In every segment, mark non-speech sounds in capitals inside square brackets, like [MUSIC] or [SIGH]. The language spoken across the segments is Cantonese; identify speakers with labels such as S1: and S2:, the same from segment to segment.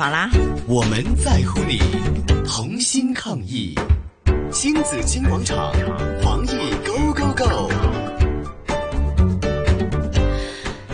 S1: 好啦，我們在乎你，同心抗疫，親子清廣場，防疫 Go Go Go。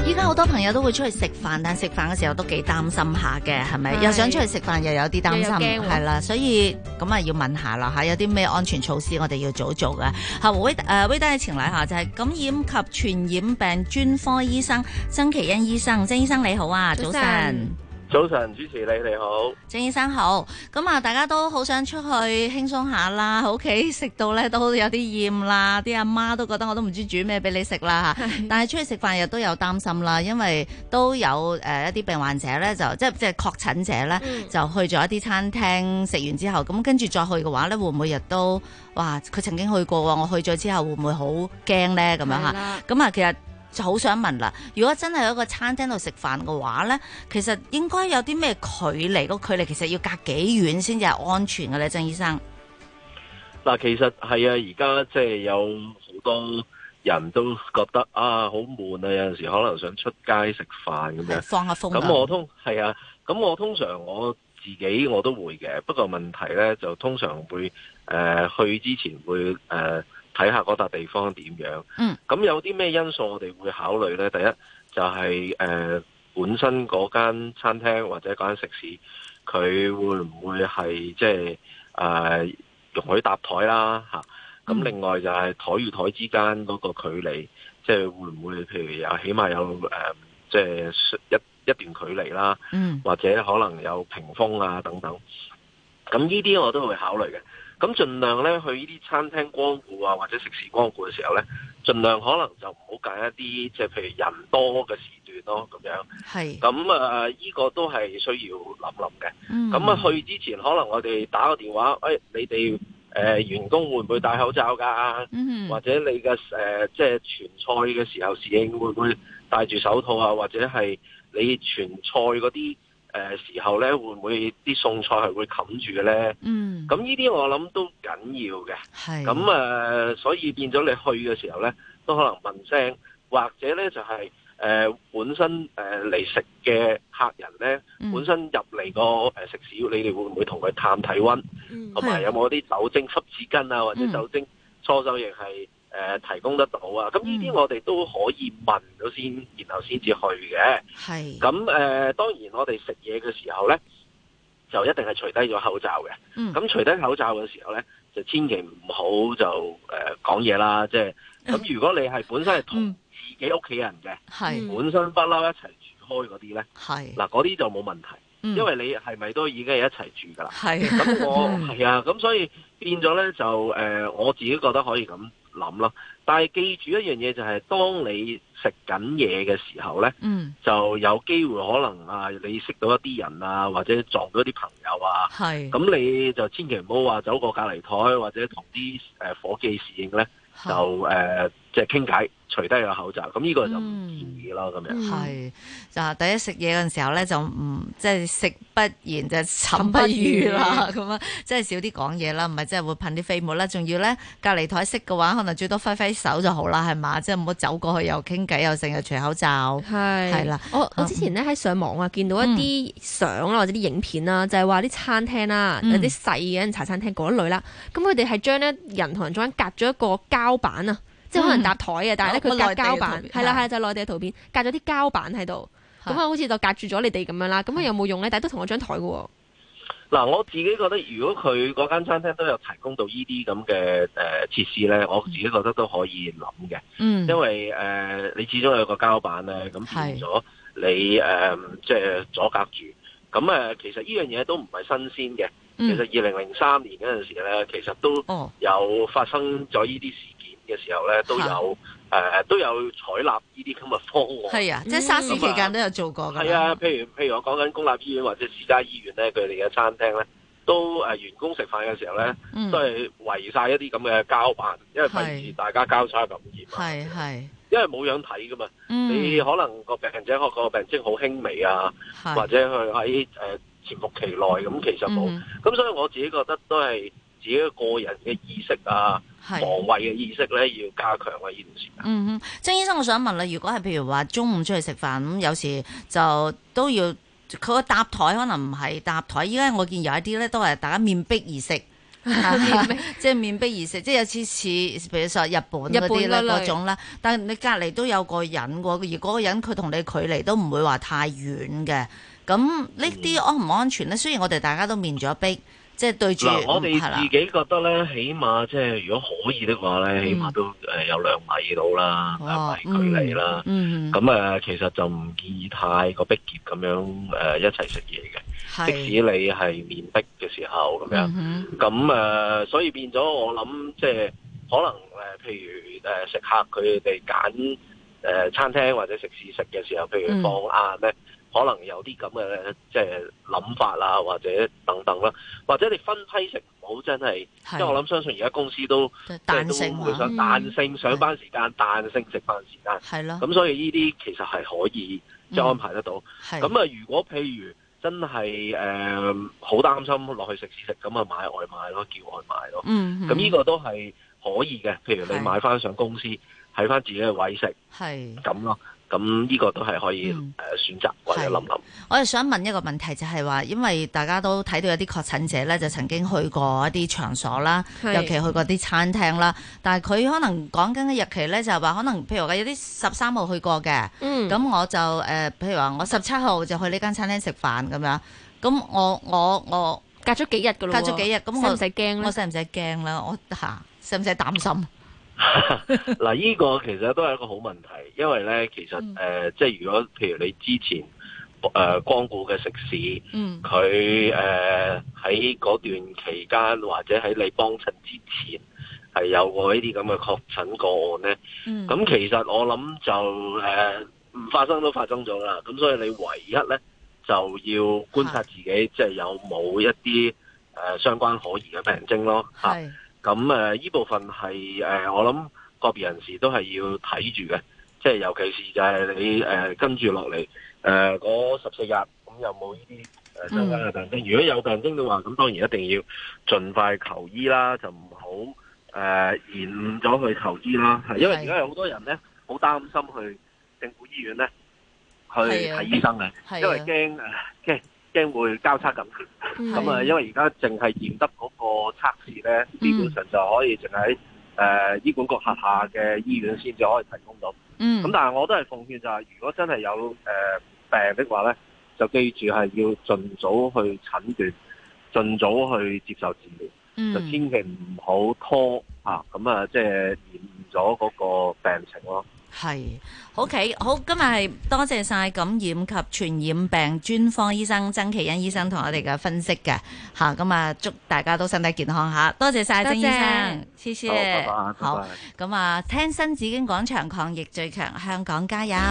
S2: 依家好多朋友都會出去食飯，但食飯嘅時候都幾擔心下嘅，係咪？又想出去食飯，又有啲擔心，係啦。所以咁啊，嗯、要問一下啦，吓有啲咩安全措施，我哋要早做嘅。好，We 誒，We 等嘅前禮下就係、是、感染及傳染病專科醫生曾祈殷醫生，曾醫生你好啊，早晨。早上
S1: 早晨，主持你你
S2: 好，曾醫生好。咁啊，大家都好想出去輕鬆下啦，喺屋企食到咧都有啲厭啦。啲阿媽都覺得我都唔知煮咩俾你食啦吓。 [LAUGHS] 但係出去食飯又都有擔心啦，因為都有誒一啲病患者咧，就即係即係確診者啦，就去咗一啲餐廳食完之後，咁跟住再去嘅話咧，會唔會亦都哇，佢曾經去過，我去咗之後會唔會好驚咧？咁樣吓。咁啊，其實。就好想問啦，如果真係喺個餐廳度食飯嘅話呢，其實應該有啲咩距離？個距離其實要隔幾遠先至係安全嘅咧，曾醫生。
S1: 嗱，其實係啊，而家即係有好多人都覺得啊，好悶啊，有陣時可能想出街食飯咁樣，放下風、啊。咁我通係啊，咁我通常我自己我都會嘅，不過問題呢，就通常會、呃、去之前會、呃睇下嗰笪地方點樣？嗯，咁有啲咩因素我哋會考慮呢？第一就係誒本身嗰間餐廳或者嗰間食肆，佢會唔會係即係誒容許搭台啦？嚇，咁另外就係台與台之間嗰個距離，即係會唔會譬如有起碼有誒即係一一段距離啦？嗯，或者可能有屏風啊等等。咁呢啲我都會考慮嘅，咁盡量呢，去呢啲餐廳光顧啊，或者食肆光顧嘅時候呢，盡量可能就唔好揀一啲即係譬如人多嘅時段咯、啊，咁樣。係。咁啊，呢、呢個都係需要諗諗嘅。咁、嗯、啊，去之前可能我哋打個電話，誒、哎，你哋誒、呃、員工會唔會戴口罩㗎、嗯？或者你嘅誒、呃，即係傳菜嘅時候，侍應會唔會戴住手套啊？或者係你傳菜嗰啲。誒、呃、時候咧會唔會啲餸菜係會冚住嘅咧？嗯，咁呢啲我諗都緊要嘅。係，咁誒、呃、所以變咗你去嘅時候咧，都可能問聲，或者咧就係誒本身誒嚟食嘅客人咧，本身入嚟個誒食肆，你哋會唔會同佢探體温？同、嗯、埋有冇啲酒精濕紙巾啊，或者酒精搓手液係？誒、呃，提供得到啊！咁呢啲我哋都可以問到先、嗯，然後先至去嘅。係。咁誒、呃，當然我哋食嘢嘅時候咧，就一定係除低咗口罩嘅。咁除低口罩嘅時候咧，就千祈唔好就誒講嘢啦。即係咁，如果你係本身係同自己屋企人嘅，係、嗯。本身不嬲一齊住開嗰啲咧，嗱嗰啲就冇問題、嗯，因為你係咪都已經係一齊住噶啦？係。咁我係 [LAUGHS] 啊，咁所以變咗咧就誒、呃，我自己覺得可以咁。諗咯，但係記住一樣嘢就係，當你食緊嘢嘅時候呢、嗯，就有機會可能啊，你識到一啲人啊，或者撞到一啲朋友啊，咁你就千祈唔好話走過隔籬枱，或者同啲誒伙計侍應呢。就誒。呃即係傾偈，除
S2: 低個口罩，咁呢個就唔建議咯。咁樣係就第一食嘢嗰陣時候咧，就唔即係食不言，就寢不語啦。咁 [LAUGHS] 樣即係、就是、少啲講嘢啦，唔係即係會噴啲飛沫啦。仲要咧隔離枱識嘅話，可能最多揮揮手就好啦，係嘛？即係唔好走過去又傾偈，又成日除口罩。係係啦。我、嗯、我之前咧喺上網啊，見到一啲相啦，或者啲影片啦，就係話啲餐廳啦、嗯，有啲細嘅茶餐廳嗰一類啦。咁佢哋係將咧人同人中間隔咗一個膠板啊。即係可能搭台嘅，但係咧佢隔膠板，係啦係就內地嘅圖片，隔咗啲膠板喺度，咁啊好似就隔住咗你哋咁樣啦。咁啊有冇用咧？但係都同我張台嘅。
S1: 嗱，我自己覺得，如果佢嗰間餐廳都有提供到呢啲咁嘅誒設施咧、嗯，我自己覺得都可以諗嘅、嗯。因為誒、呃，你始終有個膠板咧，咁變咗你誒，即係阻隔住。咁啊,其實呢樣嘢都唔係新鮮嘅、
S2: 嗯。其實二零零
S1: 三年嗰陣時咧，其實都有發生咗呢啲事。哦嗯嘅時候咧，都有誒、啊呃、都有採納呢啲咁嘅方案，係、嗯嗯、啊，即係沙士期間
S2: 都有做過噶。啊，
S1: 譬如譬如我講緊公立醫院或者私家醫院咧，佢哋嘅餐廳咧，都誒、呃、員工食飯嘅時候咧、嗯，都係圍晒一啲咁嘅膠板，因為平時大家交叉咁嚴，係係，因為冇樣睇噶嘛、嗯，你可能個病者個、嗯那個病徵好輕微啊，或者佢喺誒潛伏期內咁，其實冇，咁、嗯、所以我自己覺得都係。自己個人嘅意識啊，防衞嘅意識咧，要加強
S2: 啊！呢段時間，嗯哼，曾醫生，我想問啦，如果係譬如話中午出去食飯咁，有時就都要佢個搭台可能唔係搭台，依家我見有一啲咧都係大家面壁而食，即 [LAUGHS] 係面，壁笑面壁而食，即係有次似譬如話日本一啲啦嗰種啦、啊，但係你隔離都有個人喎，而嗰個人佢同你距離都唔會話太遠嘅，咁呢啲安唔安全咧、嗯？雖然我哋大家都面咗壁。即係對住，我哋自
S1: 己覺得咧、嗯，起碼即係如果可以的話咧、嗯，起碼都誒有兩米到啦、哦，
S2: 米距離啦。
S1: 咁、嗯、誒、嗯、其實就唔建議太過逼結咁樣誒一齊食嘢嘅，即使你係面壁嘅時候咁樣。咁、嗯、誒所以變咗我諗，即係可能誒譬如誒食客佢哋揀誒餐廳或者食肆食嘅時候，譬、嗯、如放晏咧。可能有啲咁嘅即係諗法啦，或者等等啦，或者你分批食唔好真係，因為我諗相信而家公司都、就係啊、即係都會想彈性上班時間，彈性食飯時間，
S2: 係咯。咁所以
S1: 呢啲其實係可以即安排得到。咁啊，如果譬如真係誒好擔心落去食肆食，咁啊買外賣咯，叫外賣咯。咁呢個都係可以嘅。譬如你買翻上公司。睇翻自己嘅位食，
S2: 係咁
S1: 咯，咁呢個都係可以誒選擇、嗯、或者諗諗。
S2: 我又想問一個問題，就係話，因為大家都睇到有啲確診者咧，就曾經去過一啲場所啦，尤其去過啲餐廳啦。但係佢可能講緊嘅日期咧，就係話可能譬如話有啲十三號去過嘅，咁、嗯、我就誒、呃，譬如話我十七號就去呢間餐廳食飯咁樣，咁我我我隔咗幾日噶啦，隔咗幾日咁我我使唔使驚咧？我使唔使驚咧？我吓使唔使擔心？嗯
S1: 嗱，呢個其實都係一個好問題，因為咧，其實誒、嗯呃，即係如果譬如你之前誒、呃、光顧嘅食肆，佢誒喺嗰段期間或者喺你幫襯之前，係有過呢啲咁嘅確診個案咧，咁、嗯、其實我諗就誒唔、呃、發生都發生咗啦，咁所以你唯一咧就要觀察自己，即係有冇一啲誒、呃、相關可疑嘅病徵咯，吓。啊咁誒，呢、呃、部分係誒、呃，我諗個別人士都係要睇住嘅，即係尤其是就係你誒、呃、跟住落嚟誒嗰十四日，咁、呃、有冇呢啲誒相關嘅病徵？嗯、如果有病徵嘅話，咁當然一定要盡快求醫啦，就唔好誒延誤咗去求醫啦。係因為而家有好多人咧，好擔心去政府醫院咧去睇醫生嘅，是啊，是啊，因為驚啊，驚！啊驚會交叉感染，咁啊，因為而家淨係驗得嗰個測試咧，基本上就可以淨喺誒醫管局轄下嘅醫院先至可以提供到。咁但係我都係奉勸就係，如果真係有誒、呃、病的話咧，就記住係要盡早去診斷，盡早去接受治療，就千祈唔好拖啊！咁啊，即係延誤咗嗰個病情咯。
S2: 係，OK，好，今日係多謝晒感染及傳染病專科醫生曾祈殷醫生同我哋嘅分析嘅，吓，咁啊，祝大家都身體健康吓，多謝晒曾醫生，謝謝，拜拜，好，咁啊，聽新紫荊廣場抗疫最強，香港加油！嗯